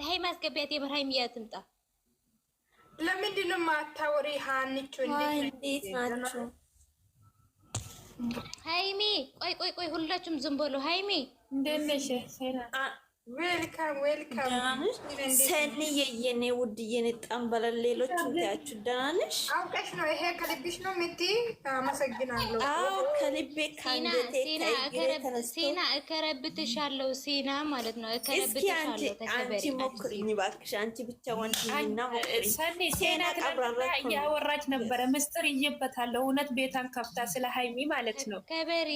ለሀይ ማስገቢያት የብርሃይም ትምጣ። ለምንድን ነው የማታወሪ? ሀንቹ እንዴት ናችሁ? ሀይሚ ቆይ ቆይ ቆይ፣ ሁላችሁም ዝም በሉ። ሀይሚ እንዴት ነሽ? ሰኒዬ የኔ ውድ እየነጣን በላል። ሌሎች እንዲያችሁ ደህና ነሽ? አውቀሽ ነው ይሄ ከልብሽ ነው የምትይ? አመሰግናለሁ። አዎ ከልቤ እከረብትሻለሁ። ማለት ነው እከረብትሻለሁ። አንቺ ሞክሪኝ እባክሽ። አንቺ ብቻ ወንድና ሴና ቀብራራ እያወራች ነበረ። ምስጢር እየበታለሁ እውነት ቤታን ከፍታ ስለ ሀይሚ ማለት ነው። ከበሪ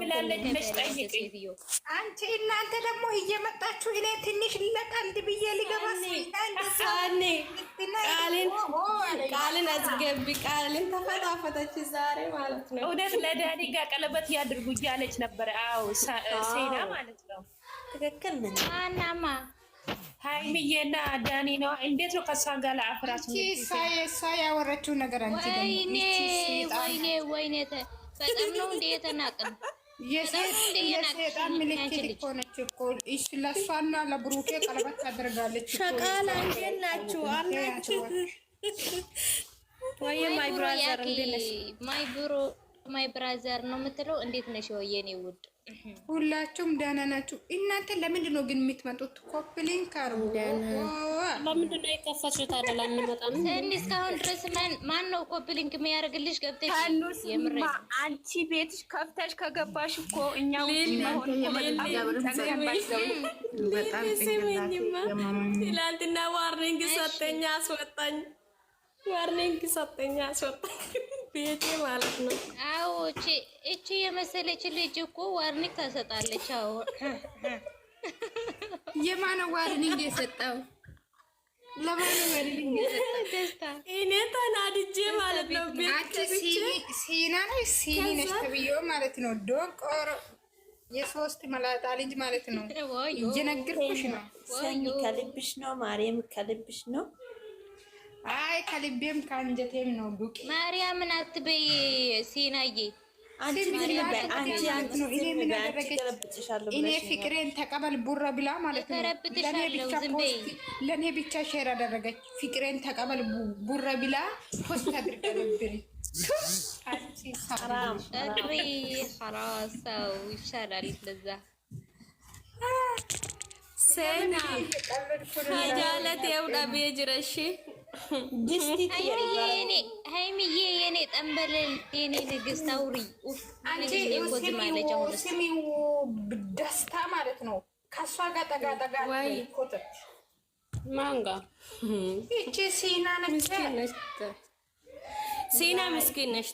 ብላለች ጠይቅ አንቺ እናንተ ደግሞ እየመጣችሁ እኔ ትንሽ ለቀልድ ብዬ ልገባ ቃልን አስገቢ ቃልን ተፈታፈተች ዛሬ ማለት ነው። እውነት ለዳኒ ጋር ቀለበት ያድርጉ እያለች ነበረ። አዎ ሴና ማለት ነው። ትክክል ምን አናማ ሀይሚዬና ዳኒ ነው። እንዴት ነው ከእሷ ጋር ለአፍራት እሷ ያወረችው ነገር አንቺ ወይኔ ወይኔ ወይኔ በጣም ነው እንደ የተናቅም የሴጣን ምልክት እኮ ነች እኮ እሺ። ለእሷና ለብሩኬ ቀለበት ታደርጋለች። ሸቃላ እንዴት ናችሁ አላችሁ? ወይ ማይ ብራዘር ነው የምትለው እንዴት ነሽ? ወየኔ ውድ ሁላችሁም ደህና ናችሁ? እናንተ ለምንድን ነው ግን የምትመጡት? ኮፕሊን ካርቡ ለምንድን ነው የከፈትሽው? ታደላ እኔ እስካሁን ድረስ ማን ነው ኮፕሊንግ የሚያደርግልሽ? ገብተሽ አንቺ ቤትሽ ከፍተሽ ከገባሽ እኮ እኛ ትላንትና ዋርኒንግ ሰጠኝ አስወጣኝ፣ ዋርኒንግ ሰጠኝ አስወጣኝ ቤቴ ማለት ነው። አዎ እቺ የመሰለች ልጅ እኮ ዋርኒክ ታሰጣለች። አዎ የማነ ዋርኒክ የሰጠው እኔ ተናድጄ ማለት ነው። ቤት ሲና ነች ተብዬው ማለት ነው። ዶቆር የሶስት መላጣ ልጅ ማለት ነው። እየነገርኩሽ ነው። ከልብሽ ነው። ማርያም ከልብሽ ነው። አይ ከልቤም ከአንጀቴም ነው ዱቄ። ማርያምን አትበይ ሲናዬ። እኔ ፍቅሬን ተቀበል ቡራ ብላ ማለት ነው። ለእኔ ብቻ ሼር አደረገች። ፍቅሬን ተቀበል ቡራ ብላ ፖስት አድርጋ ነበር። ሰው ይሻላል ለዛ ሰና ሀጃለት የውዳቤ ጅረሺ ሀይሚዬ የኔ ጠንበለል የኔ ንግስት አውሪ ስሚው ደስታ ማለት ነው። ከእሷ ጋር ጠጋ ጠጋ ይቺ ሲና ነች። ሲና ምስኪን ነሽ፣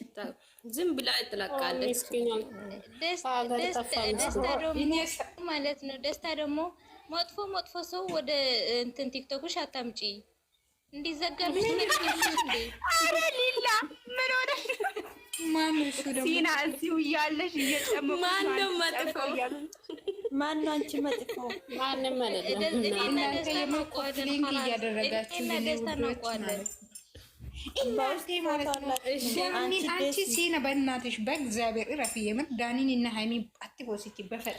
ዝም ብላ ትለቃለች። ደስታ ደግሞ መጥፎ መጥፎ ሰው ወደ እንትን ቲክቶክሽ አታምጪ እንዲዘገብ አረ ሊላ ምን ሆነ? ሲና እዚሁ እያለሽ እየጨመቁ ማነው መጥፎ? ማነው አንቺ መጥፎ? ማንም አይደለም። እናንተ የመቆት ሊንክ እያደረጋችሁ እናቴ ማለት ነው። አንቺ ሲነ በእናትሽ በእግዚአብሔር እረፊ። የምር ዳኒን እና ሀይሚ አትወስጂ በፈጠ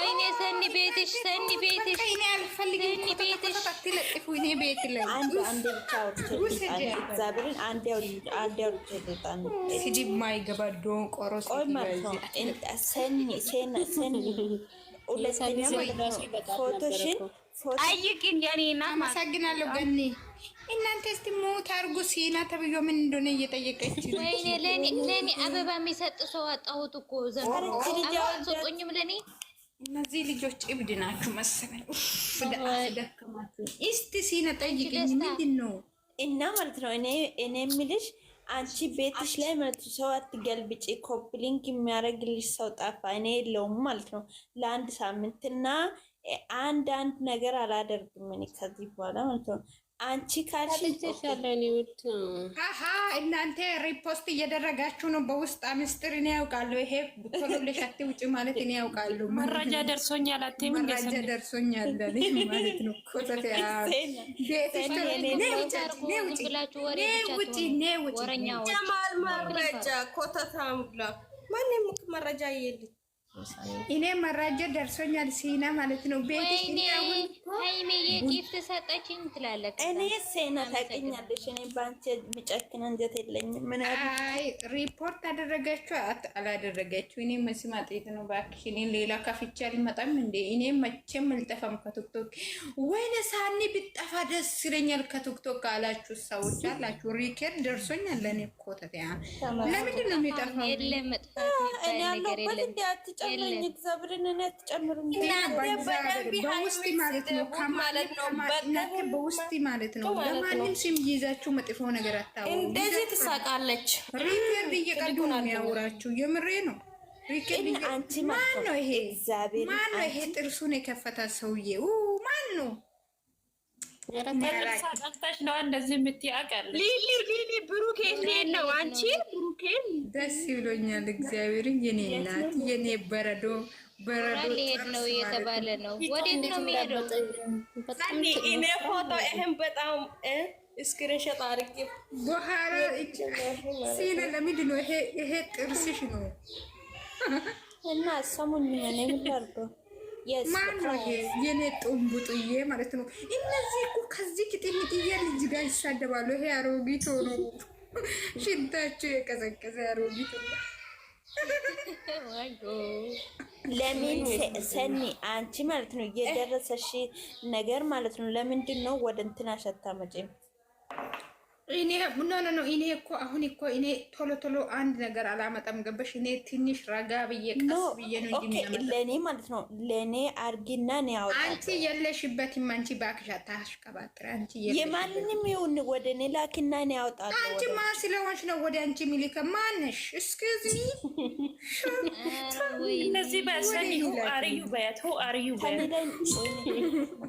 ወይኔ ሰኒ ቤትሽ ሰኒ ቤትሽ ጠይቂን የኔና አመሰግናለሁ። ገኒ እናንተ እስቲ ሞት አድርጉ ሲና ተብዮ ምን እንደሆነ እየጠየቀች ወይኔ ለኔ አበባ የሚሰጥ ሰው አጣሁት እኮ ዘመን አበባ ስጡኝም ለኔ እነዚህ ልጆች እብድ ናችሁ መሰለኝ። እስቲ ሲነ ጠይቅኝ ምንድን ነው እና ማለት ነው። እኔ እኔ የምልሽ አንቺ ቤትሽ ላይ ማለት ሰው አትገልብጭ። ኮፕሊንግ የሚያደርግልሽ ሰው ጠፋ። እኔ የለውም ማለት ነው ለአንድ ሳምንትና አንድ አንድ ነገር አላደርግም እኔ ከዚህ በኋላ ማለት ነው። አንቺ ካልሽ እናንተ ሪፖስት እየደረጋችሁ ነው። በውስጥ ምስጢር እኔ ያውቃሉ። ይሄ ቶሎ ብለሽ ማለት እኔ ያውቃሉ። መረጃ ደርሶኛል። አትይም መረጃ ደርሶኛል ማለት ነው። ኮተታ ማንም መረጃ የለች እኔ መራጃ ደርሶኛል። ሲና ማለት ነው ቤትሽ ጊፍት ሰጠችኝ ትላለች። እኔ ሴና ታውቂኛለሽ። እኔ በአንቺ የሚጨክን አንጀት ምን ሪፖርት አደረገችው አላደረገችው እኔ መስማጤት ነው። እባክሽ እኔ ሌላ ከፍቼ አልመጣም እንዴ። እኔ መቼም አልጠፋም ከቲክቶክ። ወይኔ ሳኒ ብጠፋ ደስ ይለኛል ከቲክቶክ አላችሁ ሰዎች አላችሁ። ሪኬር ደርሶኛል። ለእኔ እኮ ተተያ ለምንድን ነው የሚጠፋው? አትጨምርኝ፣ እግዚአብሔርን እኔ አትጨምርኝ። በውስጥ ማለት ነው ከማለት ነው በውስጥ ማለት ነው። ለማንም ስም ይዛችሁ መጥፎ ነገር አታውሩ። እንደዚህ ትሳቃለች። ሪከርድ እየቀዱ ነው የሚያወራችሁ። የምሬ ነው። ማን ነው ይሄ? ማን ነው ይሄ? ጥርሱን የከፈታ ሰውዬ ማን ነው? ቀልተሽ ነው እንደዚህ የምትያቀል ሊሊ ሊሊ ብሩኬ እንዴት ነው አንቺ? ደስ ይብሎኛል። እግዚአብሔር የኔ ናት የኔ በረዶ በረዶ ሊሄድ ነው እየተባለ ነው። ወዴት ነው የሚሄደው? እኔ ፎቶ ይህን በጣም እስክሪንሾት አድርጌ በኋላ ነው ይሄ ጥርስሽ ነው እና ሰሙኝ ሆነ ምንርዶ ማነው የኔ ጡንቡጥዬ ማለት ነው። እነዚህ እኮ ከዚህ ቅጥሚጥዬ ልጅ ጋር ይሳደባሉ። ይሄ አሮጊት ሆኖ ሽንታቸው የቀዘቀዘ አሮጊት ለምን ሰኒ አንቺ ማለት ነው የደረሰሽ ነገር ማለት ነው። ለምንድን ነው ወደ እንትን አሸታ መጪም እኔ ቡና ነው። እኔ እኮ አሁን እኮ እኔ ቶሎ ቶሎ አንድ ነገር አላመጣም። ገበሽ? እኔ ትንሽ ረጋ ብዬ ቀስ ብዬ ነው እንጂ ለእኔ ማለት ነው። ለእኔ አርጊና ነው ያወጣ። አንቺ የለሽበትም። አንቺ እባክሽ አታሽቀባጥሪ። አንቺ የማንንም ይሁን ወደ እኔ ላኪና ነው ያወጣ። አንቺ ማን ስለሆንሽ ነው ወደ አንቺ ሚልከ? ማንሽ? እስኪዚ እነዚህ በሰኒ አርዩ በያት አርዩ በያት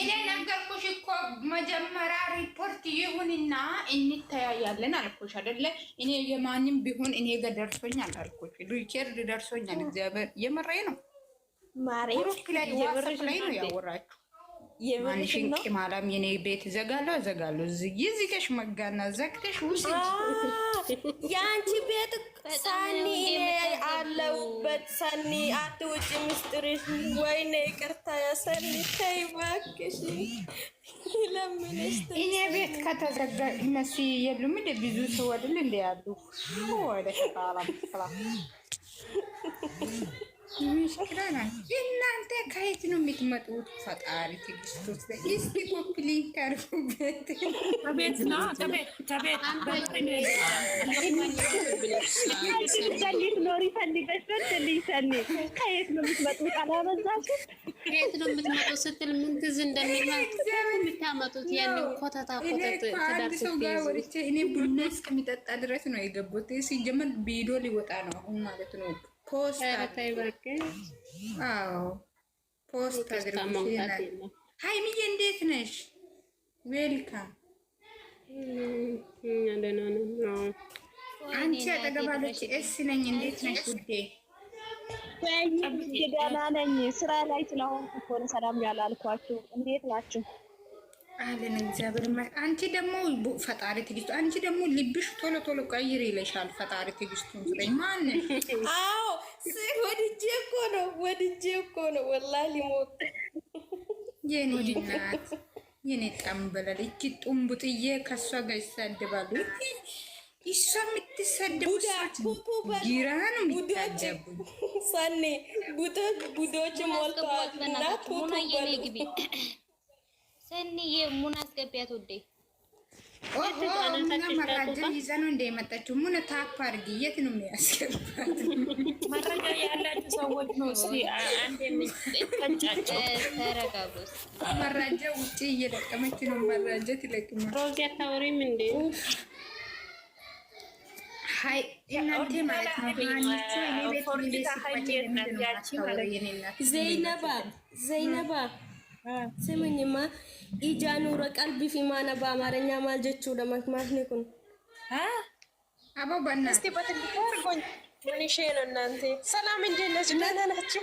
እኔ ነገርኩሽ እኮ መጀመሪያ ሪፖርት ይሁንና እንተያያለን አልኩሽ አይደለ? እኔ የማንም ቢሆን እኔ ጋር ደርሶኛል አልኩሽ። ሪኬርድ ደርሶኛል። እግዚአብሔር የመራኝ ነው። ማሬ ላይ ነው ያወራችሁ የምንሽን ቅማላም የኔ ቤት እዘጋለሁ እዘጋለሁ ይዝተሽ መጋና ዘግተሽ ውስጥ የአንቺ ቤት ሳኒ አለሁበት። ሳኒ አትውጭ ምስጢርሽ። ወይኔ ይቅርታ ያሰኒ ተይ እባክሽ። እኔ ቤት ከተዘጋ እነሱ የሉም እንደ ብዙ ሰው አይደል እንደ ያሉ ወደ እናንተ ከየት ነው የምትመጡት? ፈጣሪ ትግስቶች እስቲ ኮፕሊንክ አርጉበት። ኖሪ ፈልገሽ ሰኒ ከየት ነው የምትመጡት? አላበዛችሁ ከየት ነው የምትመጡት ስትል ምን ትዝ የምታመጡት ኮተታ ኮተት ሰው ጋር ወርቼ እኔ ቡና እስከሚጠጣ ድረስ ነው የገቡት። ሲጀመር ቢዶ ሊወጣ ነው አሁን ማለት ነው። ፖስት አዎ ሀይሚዬ እንዴት ነሽ? ዌልካም። አንቺ አጠገባለች። እስ ነኝ። እንዴት ነሽ ውዴ? ደህና ነኝ። ስራ ላይ ስለሆንኩ እኮ ነው ሰላም ያላልኳችሁ። እንዴት ናችሁ? አለን እግዚአብሔር። አንቺ ደግሞ ፈጣሪ ትግስቱ፣ አንቺ ደግሞ ልብሽ ቶሎ ቶሎ ቀይር ይለሻል ፈጣሪ ትግስቱ። ማን አዎ፣ ወድጄ እኮ ነው ወድጄ እኮ ነው ወላ ሊሞት የኔ እናት የኔ ጠንበለል እቺ ጡምቡጥዬ ከሷ ጋር ይሳደባሉ። እሷ የምትሳደቡ ጊራን የሚሳደቡ ሰኔ ቡዶች ሞልተዋል እና ፑፑ በሉ ሰኒዬ ሙን አስገቢያት ወዴ ሙና መራጃ ይዛ ነው እንደ የመጣችው። ሙን ታፕ አድርጊ። የት ነው የሚያስገባት? መረጃ ያላችሁ ሰዎች ነው መራጃ ውጭ እየለቀመች ነው። መራጃ ትለቅማል። ሮዚ አታወሪም እንዴ? እናንተ ማለት ነው ዘይነባ ዘይነባ ስምኝማ ኢጃኑ ረቀልቢ ፊማና በአማርኛ ማል ጀቹ ለማክማት ንኩን አቦ በና እስቲ በትልቁ እናንተ ሰላም እንዴት ነች? ደህና ናችሁ?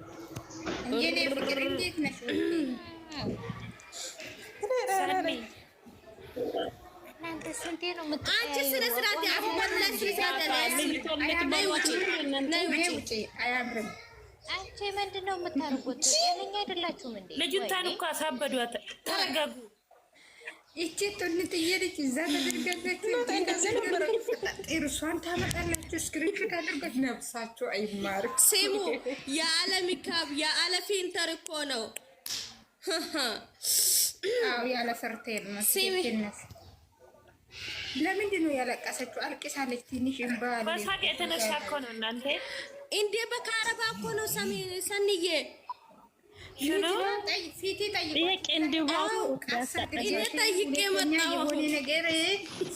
የኔ ፍቅር እንዴት ነሽ? አንቺ ስነ ስርዓት ያፈላሽ አንቺ ምንድን ነው የምታደርጉት? እኛ አይደላችሁም እንዴ? ልጅቷን እኮ አሳበዷት። ተረጋጉ። እቺ ጥንትዬ ልጅ እዛ ተደርጋለች። ጥርሷን ታመጣለች ያላችሁ ስክሪንሾት አድርጎት ነብሳችሁ አይማር። ስሙ የአለ ሚካብ የአለ ፊልተር እኮ ነው። አዎ ያለ ፈርቴል ነው። ለምንድን ነው ያለቀሰችው? አልቅሳለች። ትንሽ እንባል በሳቅ የተነሳ እኮ ነው። እናንተ እንዴ በካረባ እኮ ነው ሰሚን ሰንዬ ጠይቄ መጣሁ። የሆነ ነገር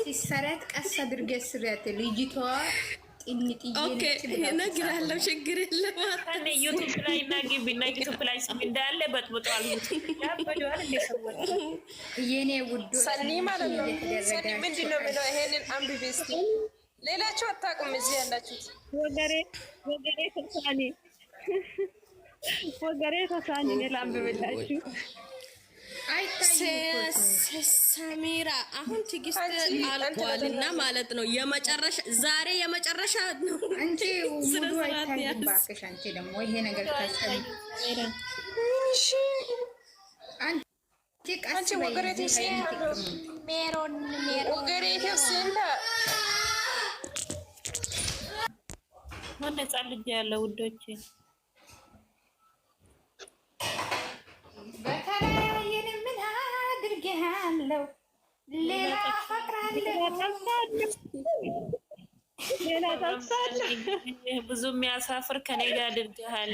ሲሰረት ቀስ አድርገሽ ስሪያት ልጅቷ ነግራለሁ። ችግር የለም። ዩቱብ ላይ እና ግቢ እና ዩቱብ ላይ ስም እንዳለ በጥብጧል። የኔ ውዶ ሰኒ ማለት ነው። ሰኒ ምንድን ነው የሚለው? ይሄንን አንብቤ እስኪ። ሌላችሁ አታውቁም እዚህ ያላችሁት ወገሬ ወገሬ ተሳኒ ወገሬ ተሳኒ ሌላ አንብቤላችሁ ሰሚራ አሁን ትዕግስት አልቋልና ማለት ነው። የመጨረሻ ዛሬ የመጨረሻ ነው። አንቺ ወገሬቴ ያለ ውዶቼ አለው ሌላ ብዙ የሚያሳፍር ከኔ ጋር አድርገሃል።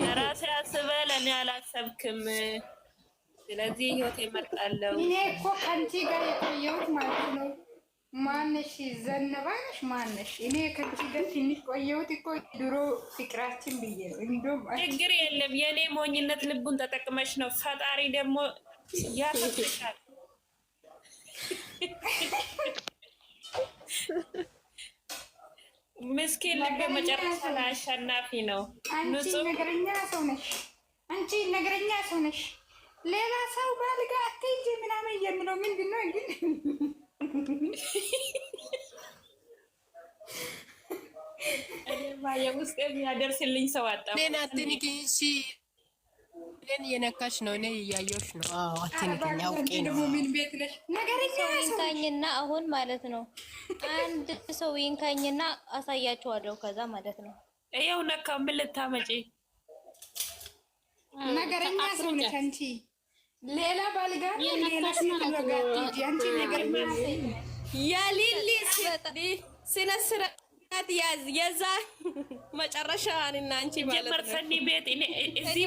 ለራሴ አስበህ ለእኔ አላሰብክም። ስለዚህ ህይወት ይመርጣለሁ። እኔ እኮ ከአንቺ ጋር የቆየሁት ማለት ነው። ማነሽ ዘነባነሽ ማነሽ? እኔ ከአንቺ ጋር ትንሽ ቆየሁት እኮ ድሮ ፍቅራችን ብዬ ነው። እንደውም ችግር የለም የእኔ ሞኝነት ልቡን ተጠቅመሽ ነው። ፈጣሪ ደግሞ ያፈቅሻል። ምስኪን ልብ መጨረሻ ላይ አሸናፊ ነው። አንቺ ነገረኛ ሰው ነሽ፣ አንቺ ነገረኛ ሰው ነሽ። ሌላ ሰው ባልጋ አትሄጂ ምናምን የምለው ምንድን ነው ግን እኔማ የውስጤ የሚያደርስልኝ ሰው አጣሁ። ሌላ ትንኪ እሺ ግን የነካች ነው። እኔ እያየሁሽ ነው። አትንቀኝ፣ አውቄ ነው ይንካኝና አሁን ማለት ነው አንድ ሰው ይንካኝና አሳያችኋለሁ። ከዛ ማለት ነው ይኸው ነካ። ምን ልታመጪ ነገረኛ ሰው ነሽ አንቺ። ሌላ ባል ጋር የሊሊ ስነ ስርዓት ያዝ የዛ መጨረሻ እና አንቺ ማለት ነው። ቤት እዚህ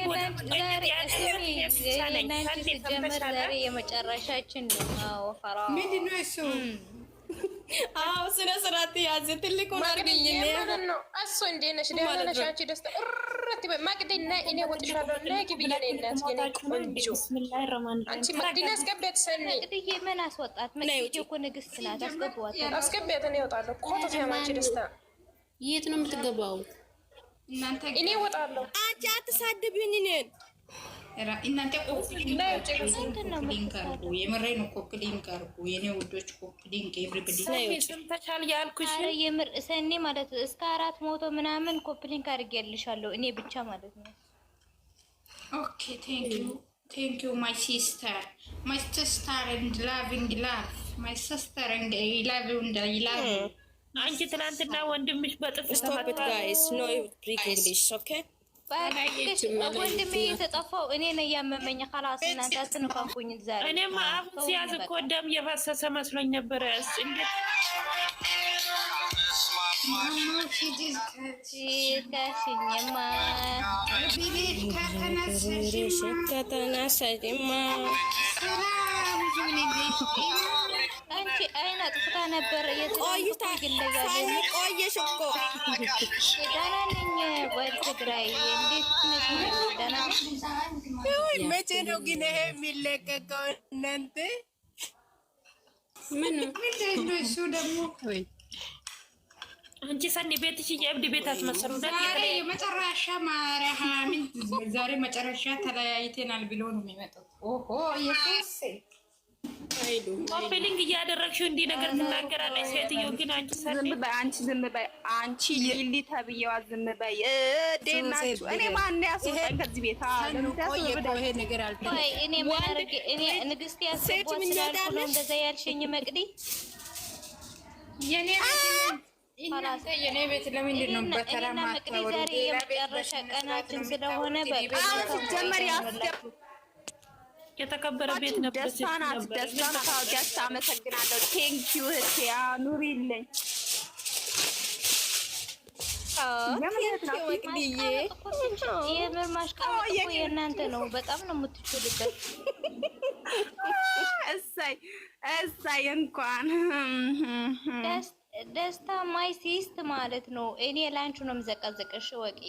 ቦታ የመጨረሻችን ነው። አዎ ስነ ስርዓት ያዝ። ትልቁ አርግኝ ነው እሱ። እንዴ ነሽ? ደህና ነሽ? አንቺ ደስታ እረት ማቅዴ ና እኔ ወጥሻለሁ። ና ግቢ የኔ እናት የኔ ቆንጆ። አንቺ ማቅዴን አስገቢያት። ሰኒ ማቅዴ ምን አስወጣት? መቅዴ እኮ ንግስት ናት። አስገቢዋት፣ አስገቢያት። እኔ እወጣለሁ። ኮተት ያማንቺ ደስታ። የት ነው የምትገባው? እኔ እወጣለሁ። አንቺ አትሳድብኝ እኔን እናንተ ኮክሊንግ አርጉ። የምሬን ኮክሊንግ አርጉ የኔ ውዶች፣ ኮክሊንግ ሰምተሻል ያልኩሽ የምር ሰኔ ማለት እስከ አራት ሞቶ ምናምን ኮክሊንግ አድርጌልሻለሁ እኔ ብቻ ማለት ነው። ኦኬ ቴንክ ዩ ቴንክ ዩ ማይ ሲስተር ማይ ሲስተር ኤንድ ላቪንግ ላቭ ማይ ሲስተር ኤንድ ላቭ ኤንድ ላቭ አንቺ ትናንትና ወንድምሽ በጥፍ ተመቷል። ወንድሜ የተጠፋው እኔ ነው እያመመኝ። ከላስ እናንተ አትንኳኩኝ። ዛሬ እኔም አሁን ሲያዝ እኮ ደም የፈሰሰ መስሎኝ ነበረ። Mama, she just she kashinyama. Bibi katana sajima. Katana sajima. ሰላም አንቺ አይነት ፍታ ነበር ቆይታ ቆየሽ እኮ ደህና ነኝ። ወይ ትግራይ እንዴት ነሽ? ደህና መቼ ነው ግን ይሄ የሚለቀቀው? እናንተ ምን እሱ ደግሞ አንቺ ሰኒ ቤትሽ የእብድ ቤት አትመስሉ። ዛሬ የመጨረሻ ማርያምን ዛሬ መጨረሻ ተለያይቴናል ብሎ ነው የሚመጣው። ኦሆ ኢየሱስ ኮፒሊንግ እያደረግሽው እንዲህ ነገር ትናገራለች ሴትዮ። ግን አንቺ ሰኒ አንቺ ዝም በይ አንቺ ሊሊ ተብዬዋ ዝም በይ። እኔ ማን ያስወጣኝ ከዚህ ቤት? ይሄ ነገር አልተወይ እኔ ማርግ እኔ ንግስት ያስወጣኝ ስላልኩ ነው እንደዛ ያልሽኝ መቅዲ የኔ የኔ ቤት ለምንድን ነው የመጨረሻ ቀናችን ስለሆነ የተከበረ ቤት ነበር። ደስታ ናት። ደስታ አመሰግናለሁ። ቴንክ ዩ እህቴ ኑሪልኝ። የምር የእናንተ ነው። በጣም ነው የምትችሉበት። እሰይ እሰይ እንኳን ደስ ደስታ ማይ ሲስት ማለት ነው። እኔ ላንቹ ነው የምዘቀዘቅሽ ወቂ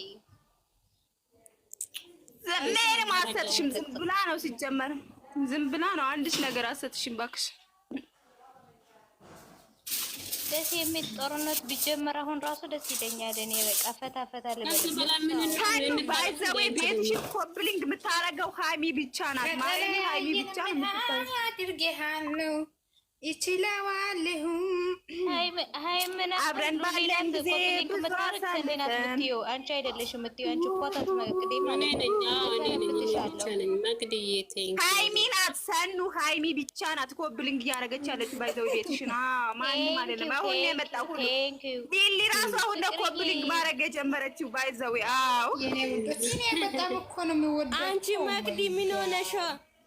ምንም አትሰጥሽም። ዝም ብላ ነው ሲጀመር፣ ዝም ብላ ነው አንድሽ ነገር አትሰጥሽም። ባክሽ። ደስ የሚል ጦርነት ቢጀመር አሁን ራሱ ደስ ይለኛል። እኔ በቃ ፈታ ፈታ ለባይዘዌ ቤትሽን ኮብሊንግ የምታረገው ሀሚ ብቻ ናት ማለት ሀሚ ብቻ አድርጌሃለሁ አብረን ባለን ጊዜ ብዙ አሳልፈን አንቺ አይደለሽ የምትይው አንቺ እኮ ሀይሚ ናት ሰኑ ሀይሚ ብቻ ናት እኮ እያደረገች ያለች ባይዘው ቤትሽና ማንም አይደለም። አሁን ነው ሁሉ ቢሊ ራሱ አሁን ነው ማድረግ የጀመረችው ባይዘው። አዎ አንቺ መቅዲ ምን ሆነሽ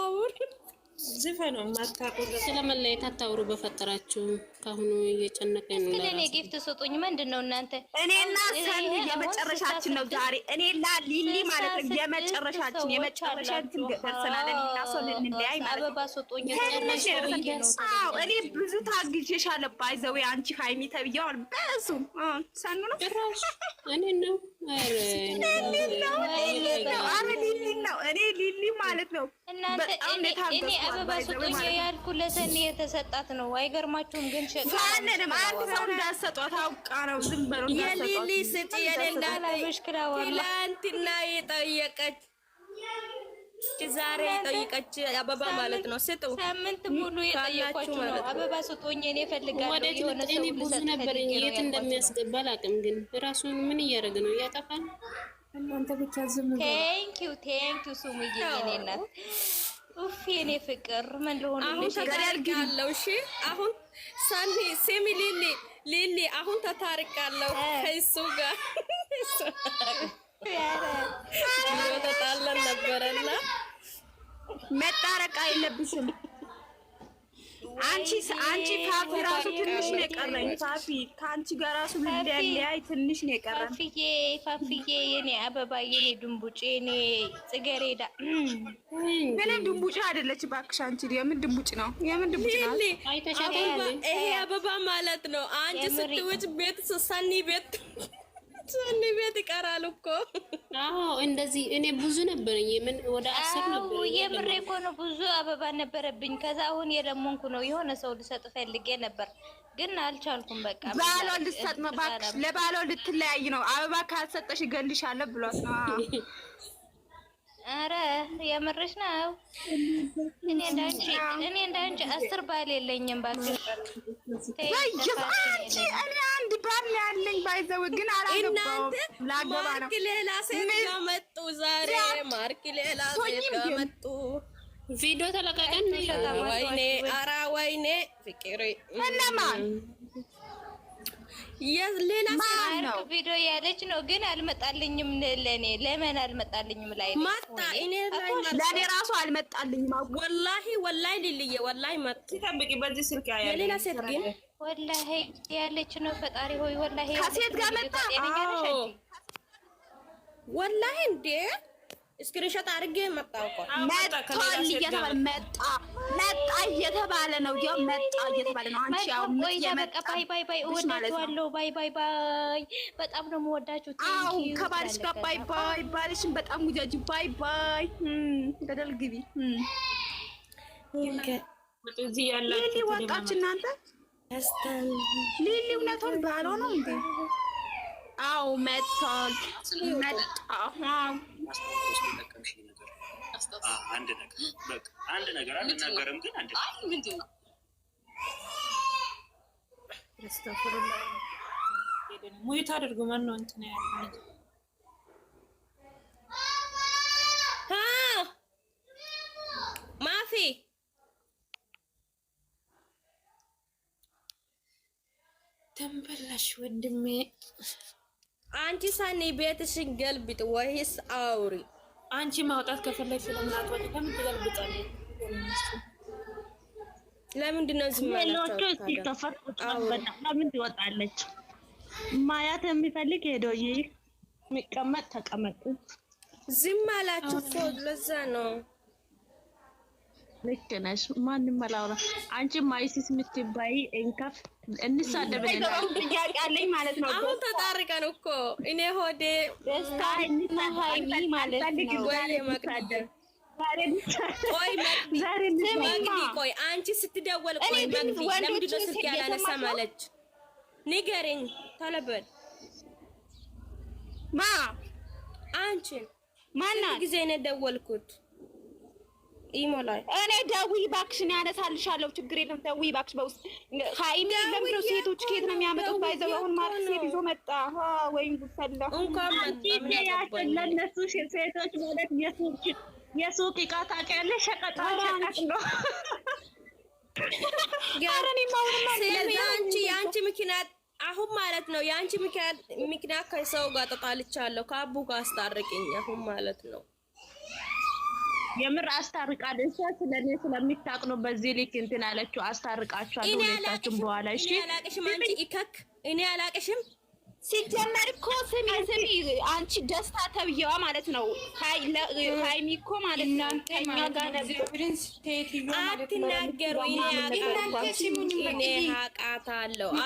አውር ዝፈ ማታቆ ስለመለየት አታውሩ በፈጠራችሁ ከአሁኑ እየጨነቀ ነው። እስኪ ለእኔ ጊፍት ስጡኝ። ምንድን ነው እናንተ? እኔና ሰኒ የመጨረሻችን ነው ዛሬ። እኔና ሊሊ ማለት ነው የመጨረሻችን የመጨረሻችን ደርሰናል። እኔና ሰው ልንለያይ ማለት ነው። አበባ አዎ እኔ ብዙ ታግዤሻለሁ። ባይዘዌ አንቺ ሀይሚ ተብያዋል። በሱ ሰኑ ነው እኔ ነው እኔ ሊሊ ማለት ነው። እናንተ እኔ አበባ ስጡኝ ያልኩ ለሰኒ የተሰጣት ነው። አይገርማችሁም ግን ማንንም ሰው እንዳሰጧት አውቃ ነው። ትላንትና የጠየቀች ዛሬ የጠየቀች አበባ ማለት ነው። ስጡ ሳምንት ሙሉ የጠየኳችሁ ነው። አበባ ስጡኝ እኔ እፈልጋለሁ። የሆነ ብዙ ነበረኝ። የት እንደሚያስገባ አላውቅም፣ ግን ራሱን ምን እያደረገ ነው? እያጠፋል። እናንተ ብቻ ዝም ቴንኪው ቴንኪው ሱሙዬ የኔ እናት ኡፍ የኔ ፍቅር ምን ልሆን አሁን ተታርቃለሁ። እሺ አሁን ሳኒ ሴሚ ሊሊ ሊሊ አሁን ተታርቃለሁ ከእሱ ጋር ተጣለን ነበረና መጣረቅ የለብሽም። አንቺ አንቺ ፋፊ ራሱ ትንሽ ነው የቀረኝ። ፋፊ ከአንቺ ጋር ራሱ ሊለያይ ትንሽ ነው የቀረኝ። ፓፒዬ ፓፒዬ፣ የኔ አበባ፣ የኔ ድንቡጭ፣ የኔ ጽጌሬዳ። ምንም ድንቡጭ አይደለች እባክሽ። አንቺ የምን ድንቡጭ ነው? የምን ድንቡጭ ነው? ይሄ አበባ ማለት ነው። አንቺ ስትውጭ ቤት ሰኒ ቤት እኔ ቤት ይቀራል እኮ አዎ። እንደዚህ እኔ ብዙ ነበረኝ፣ የምን ወደ አስር ነበር። የምሬ እኮ ነው። ብዙ አበባ ነበረብኝ። ከዛ አሁን የለመንኩ ነው። የሆነ ሰው ልሰጥ ፈልጌ ነበር፣ ግን አልቻልኩም። በቃ ባሏ ልትሰጥ ነው፣ ለባሏ ልትለያይ ነው። አበባ ካልሰጠሽ እገልሻለሁ ብሏት ነው አረ የምርሽ ነው። እኔ እንዳንቺ እኔ እንዳንቺ አስር ባል የለኝም። ባክሽ አንቺ እኔ አንድ ባል ያለኝ ባይዘው ግን አላገባሁም። ላገባ ነው። ማርክ ሌላ ሴት ጋር መጡ። ዛሬ ማርክ ሌላ ሴት ጋር መጡ። ቪዲዮ ተለቀቀን። ወይኔ አራ ወይኔ ፍቅሬ እነማን ሌላ ነው ቪዲዮ ያለች ነው ግን አልመጣልኝም። ለኔ ለምን አልመጣልኝም? ላይ መጣ እኔ ላይ ለኔ ራሱ አልመጣልኝም። ወላሂ ወላሂ ልልዬ ወላሂ መጣ ሲጠብቂ በዚህ ስልክ ያያለ የሌላ ሴት ግን ወላሂ ያለች ነው። ፈጣሪ ሆይ ወላሂ ከሴት ጋር መጣ አዎ ወላሂ እንዴ እስክሪንሾት አድርጌ መጣው እኮ መጥቷል እየተባለ መጣ መጣ እየተባለ ነው። ያው መጣ እየተባለ ነው። አንቺ ያው የመጣ ባይ ባይ ባይ፣ እወዳችኋለሁ። ባይ ባይ ባይ፣ በጣም ነው የምወዳችሁ። አዎ ከባልሽ ጋር ባይ ባይ፣ ባልሽን በጣም ጉጃጅ። ባይ ባይ፣ ገደል ግቢ። ሊሊ ወጣች። እናንተ ሊሊ እውነቱን ባሎ ነው እንዴ? አዎ መጥቷል፣ መጣ አንድ ነገር በቃ አንድ ነገር አልናገርም፣ ግን አንድ ነገር ምንድን ነው ሙይት አድርጎ ማን ነው እንትን ያለው ማፊ ተንበላሽ ወንድሜ። አንቺ ሳኒ ቤትሽን ገልብጥ ወይስ አውሪ። አንቺ ማውጣት ከፈለግሽ ለምን አትወጪ? ለምን ትገልብጫለሽ? ለምንድን ነው ዝም ለምን ትወጣለች? ማያት የሚፈልግ ሄዶ የሚቀመጥ ተቀመጡ። ዝም አላችሁ እኮ ለዛ ነው። ልክ ነሽ። ማንም አላወራ አንቺ ማይሲስ የምትባይ እንከፍ እንሳደብለን ጥያቄ አለኝ ማለት ነው። አሁን ተጣርቀን እኮ እኔ ሆዴ ደስታ ሀይሚ ማለት ነው። ቆይ አንቺ ስትደወል ቆይ መግቢ ለምድዶ ነው ስልክ ያላነሳም አለች። ንገሪኝ ተለበል ማ አንቺን ማና ጊዜ ነው የደወልኩት ኢሞ ላይ እኔ ደውይ እባክሽን ያነሳልሻለሁ። ችግር የለም ደውይ እባክሽ። በውስጥ ሀይሚ ለምድረው ሴቶች ከየት ነው የሚያመጡት? ባይዘው አሁን ማለት ሴት ይዞ መጣ ወይም ጉሰላ እንኳን ለእነሱ ሴቶች ማለት የሱቅ የሱቅ ዕቃ ታውቂያለሽ፣ ሸቀጣ ሸቀጥ ነው። ስለዚህ የአንቺ ምክንያት አሁን ማለት ነው የአንቺ ምክንያት ከሰው ጋር ተጣልቻለሁ ከአቡ ጋር አስታርቅኝ አሁን ማለት ነው የምር አስታርቃል። እሷ ስለኔ ስለሚታቅ ነው በዚህ ልክ እንትን አለችው። አስታርቃችኋለሁ ሁለታችሁም በኋላ እሺ። እኔ አላቅሽም። ሲጀመር እኮ ስሚ ስሚ፣ አንቺ ደስታ ተብዬዋ ማለት ነው ሃይሚ እኮ ማለት ነው። እናንተኛ ጋር አትናገሩ። እኔ አቃታለሁ።